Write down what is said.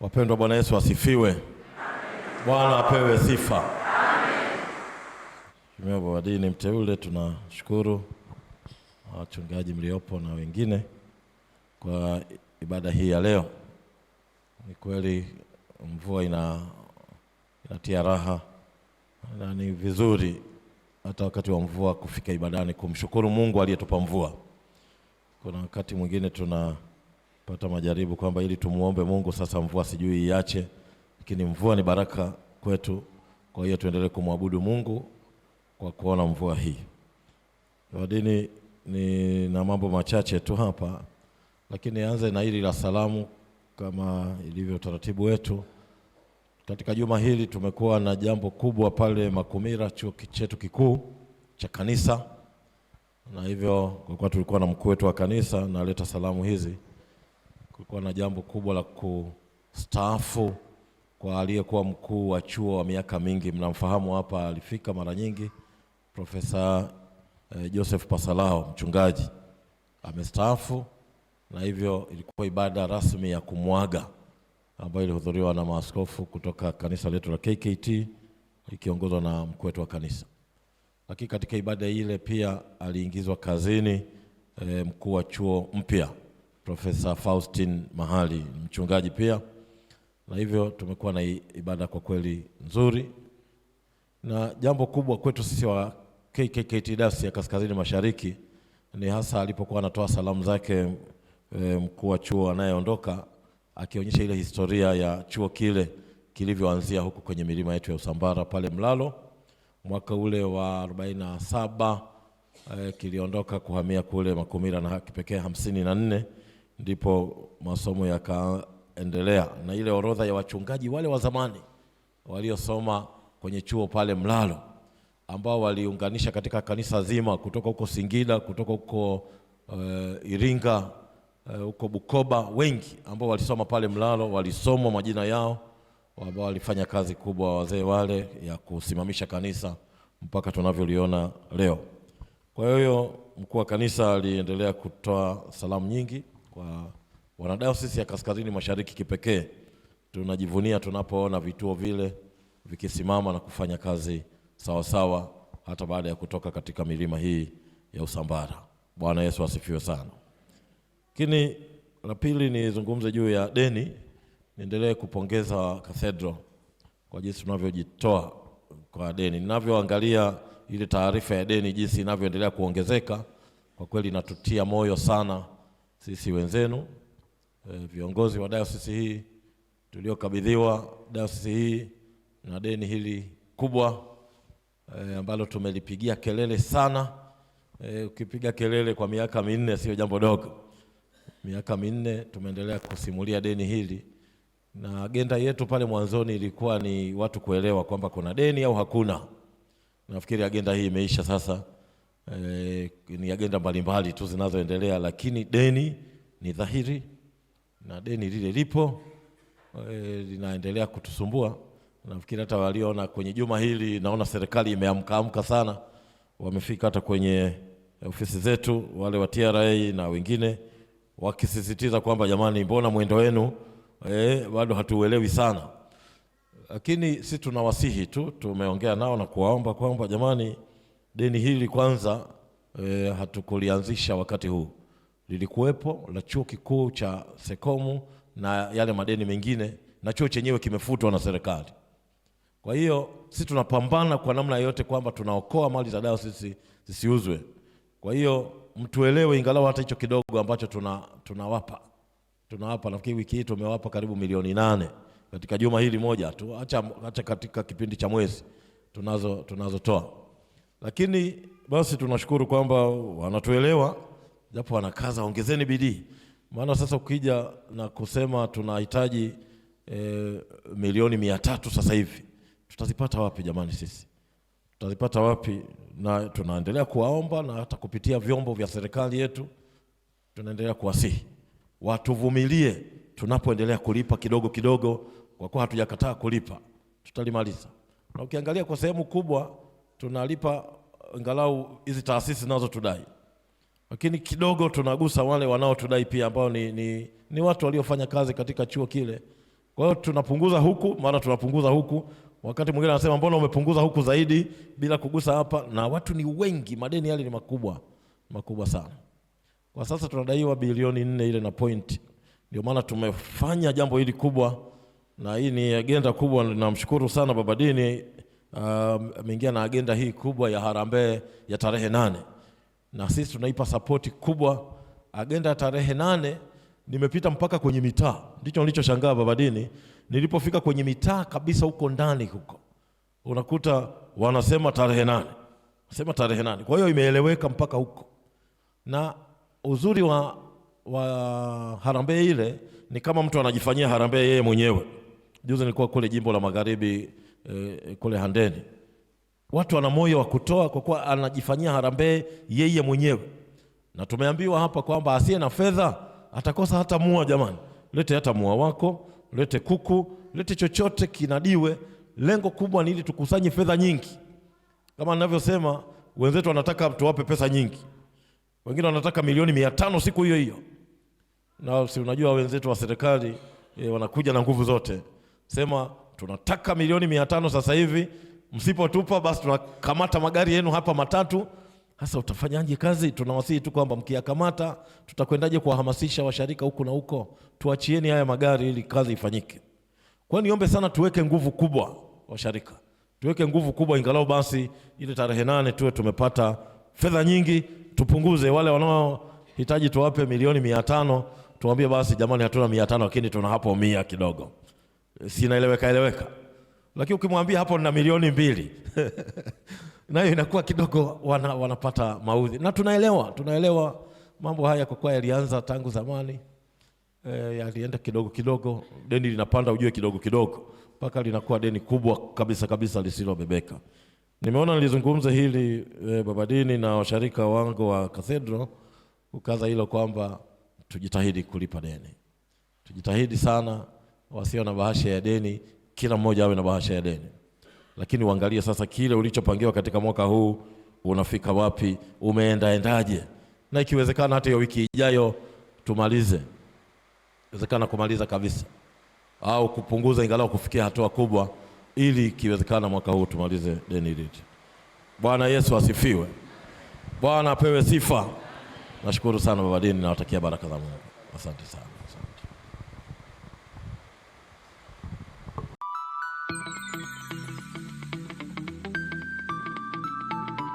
Wapendwa, Bwana Yesu asifiwe. Bwana apewe sifa. Mheshimiwa baba dini mteule, tunashukuru wachungaji mliopo na wengine kwa ibada hii ya leo. Ni kweli mvua ina inatia raha na ni vizuri hata wakati wa mvua kufika ibadani kumshukuru Mungu aliyetupa mvua. Kuna wakati mwingine tunapata majaribu kwamba ili tumuombe Mungu sasa mvua sijui iache, lakini mvua ni baraka kwetu. Kwa hiyo tuendelee kumwabudu Mungu kwa kuona mvua hii. Wadini ni na mambo machache tu hapa, lakini anze na hili la salamu kama ilivyo taratibu wetu. Katika juma hili tumekuwa na jambo kubwa pale Makumira, chuo chetu kikuu cha kanisa na hivyo kwa tulikuwa na mkuu wetu wa kanisa naleta salamu hizi, kulikuwa na jambo kubwa la kustaafu kwa aliyekuwa mkuu wa chuo wa miaka mingi, mnamfahamu hapa, alifika mara nyingi, Profesa eh, Joseph Pasalao, mchungaji amestaafu, na hivyo ilikuwa ibada rasmi ya kumwaga ambayo ilihudhuriwa na maaskofu kutoka kanisa letu la KKT ikiongozwa na mkuu wetu wa kanisa. Lakini katika ibada ile pia aliingizwa kazini e, mkuu wa chuo mpya Profesa Faustin Mahali, mchungaji pia, na hivyo tumekuwa na ibada kwa kweli nzuri, na jambo kubwa kwetu sisi wa KKKT Dayosisi ya Kaskazini Mashariki ni hasa alipokuwa anatoa salamu zake e, mkuu wa chuo anayeondoka akionyesha ile historia ya chuo kile kilivyoanzia huku kwenye milima yetu ya Usambara pale Mlalo mwaka ule wa 47 eh, kiliondoka kuhamia kule Makumira na kipekee 54 ndipo masomo yakaendelea, na ile orodha ya wachungaji wale wa zamani waliosoma kwenye chuo pale Mlalo ambao waliunganisha katika kanisa zima kutoka huko Singida, kutoka huko uh, Iringa eh, huko uh, Bukoba, wengi ambao walisoma pale Mlalo walisomwa majina yao ambao walifanya kazi kubwa wazee wale ya kusimamisha kanisa mpaka tunavyoliona leo. Kwa hiyo mkuu wa kanisa aliendelea kutoa salamu nyingi kwa wanadayosisi ya Kaskazini Mashariki. Kipekee tunajivunia tunapoona vituo vile vikisimama na kufanya kazi sawasawa sawa, hata baada ya kutoka katika milima hii ya Usambara. Bwana Yesu asifiwe sana. Lakini la pili nizungumze juu ya deni Niendelee kupongeza kathedro kwa jinsi tunavyojitoa kwa deni. Ninavyoangalia ile taarifa ya deni jinsi inavyoendelea kuongezeka, kwa kweli inatutia moyo sana sisi wenzenu e, viongozi wa dayosisi hii tuliokabidhiwa dayosisi hii na deni hili kubwa e, ambalo tumelipigia kelele sana e, ukipiga kelele kwa miaka minne sio jambo dogo. Miaka minne tumeendelea kusimulia deni hili na agenda yetu pale mwanzoni ilikuwa ni watu kuelewa kwamba kuna deni au hakuna. Nafikiri agenda hii imeisha sasa. E, ni agenda mbalimbali tu zinazoendelea, lakini deni ni dhahiri na deni lile lipo e, linaendelea kutusumbua. Nafikiri hata waliona kwenye juma hili, naona serikali imeamkaamka sana, wamefika hata kwenye ofisi zetu wale wa TRA na wengine wakisisitiza kwamba jamani, mbona mwendo wenu eh, bado hatuuelewi sana, lakini si tunawasihi tu, tumeongea nao na kuwaomba kwamba jamani, deni hili kwanza eh, hatukulianzisha wakati huu, lilikuwepo la chuo kikuu cha Sekomu na yale madeni mengine, na chuo chenyewe kimefutwa na serikali. Kwa hiyo sisi tunapambana kwa namna yote kwamba tunaokoa mali za dayosisi zisiuzwe. Kwa hiyo mtuelewe, ingalau hata hicho kidogo ambacho tunawapa tuna tunawapa nafikiri wiki hii tumewapa karibu milioni nane katika juma hili moja tu, acha, acha katika kipindi cha mwezi tunazo tunazotoa, lakini basi tunashukuru kwamba wanatuelewa japo wanakaza, ongezeni bidii, maana sasa ukija na kusema tunahitaji e, milioni mia tatu sasa hivi tutazipata wapi jamani? Sisi tutazipata wapi? Na tunaendelea kuwaomba na hata kupitia vyombo vya serikali yetu tunaendelea kuwasihi watuvumilie tunapoendelea kulipa kidogo kidogo, kwa kuwa hatujakataa kulipa, tutalimaliza. Na ukiangalia kwa sehemu kubwa tunalipa angalau hizi taasisi tudai, lakini kidogo tunagusa wale wanaotudai pia, ambao ni, ni, ni watu waliofanya kazi katika chuo kile. Kwa hiyo tunapunguza huku, maana tunapunguza huku wakati mwingine anasema mbona umepunguza huku zaidi bila kugusa hapa, na watu ni wengi, madeni yale ni makubwa makubwa sana. Kwa sasa tunadaiwa bilioni nne ile na point, ndio maana tumefanya jambo hili kubwa, na hii ni agenda kubwa. Namshukuru sana baba dini um, ameingia na agenda hii kubwa ya harambee ya tarehe nane na sisi tunaipa sapoti kubwa agenda ya tarehe nane. Nimepita mpaka kwenye mitaa, ndicho nilichoshangaa baba dini nilipofika kwenye mitaa kabisa huko ndani huko, unakuta wanasema tarehe nane, sema tarehe nane. Kwa hiyo imeeleweka mpaka huko na uzuri wa, wa harambee ile ni kama mtu anajifanyia harambee yeye mwenyewe. Juzi nilikuwa kule jimbo la Magharibi eh, kule Handeni, watu wana moyo wa kutoa kwa kuwa anajifanyia harambee yeye mwenyewe, na tumeambiwa hapa kwamba asiye na fedha atakosa hata mua. Jamani, lete hata mua wako, lete kuku, lete chochote kinadiwe. Lengo kubwa ni ili tukusanye fedha nyingi, kama ninavyosema wenzetu wanataka tuwape pesa nyingi wengine wanataka milioni mia tano siku hiyo hiyo, na si unajua wenzetu wa serikali e, wanakuja na nguvu zote, sema tunataka milioni mia tano sasa hivi, msipotupa basi tunakamata magari yenu hapa matatu. Sasa utafanyaje kazi? Tunawasihi tu kwamba mkiyakamata, tutakwendaje kuwahamasisha washarika huku na huko? Tuachieni haya magari ili kazi ifanyike. Kwa hiyo niombe sana, tuweke nguvu kubwa washarika, tuweke nguvu kubwa, ingalau basi ile tarehe nane tuwe tumepata fedha nyingi tupunguze wale wanaohitaji tuwape milioni mia tano tuwambie basi jamani, hatuna mia tano lakini tuna hapo mia kidogo, sinaeleweka eleweka. Lakini ukimwambia hapo na milioni mbili nayo inakuwa kidogo wana, wanapata maudhi, na tunaelewa tunaelewa mambo haya kwa kuwa yalianza tangu zamani e, yalienda kidogo kidogo, deni linapanda ujue kidogo kidogo mpaka linakuwa deni kubwa kabisa kabisa lisilobebeka. Nimeona nilizungumza hili e, eh, Babadini na washarika wangu wa Cathedral ukaza hilo kwamba tujitahidi kulipa deni, tujitahidi sana, wasio na bahasha ya deni, kila mmoja awe na bahasha ya deni, lakini uangalie sasa kile ulichopangiwa katika mwaka huu unafika wapi, umeendaendaje, na ikiwezekana hata ya wiki ijayo tumalize, wezekana kumaliza kabisa au kupunguza, ingalau kufikia hatua kubwa ili ikiwezekana mwaka huu tumalize deni hili. Bwana Yesu asifiwe. Bwana apewe sifa. Nashukuru sana baba dini, nawatakia baraka za Mungu. Asante sana.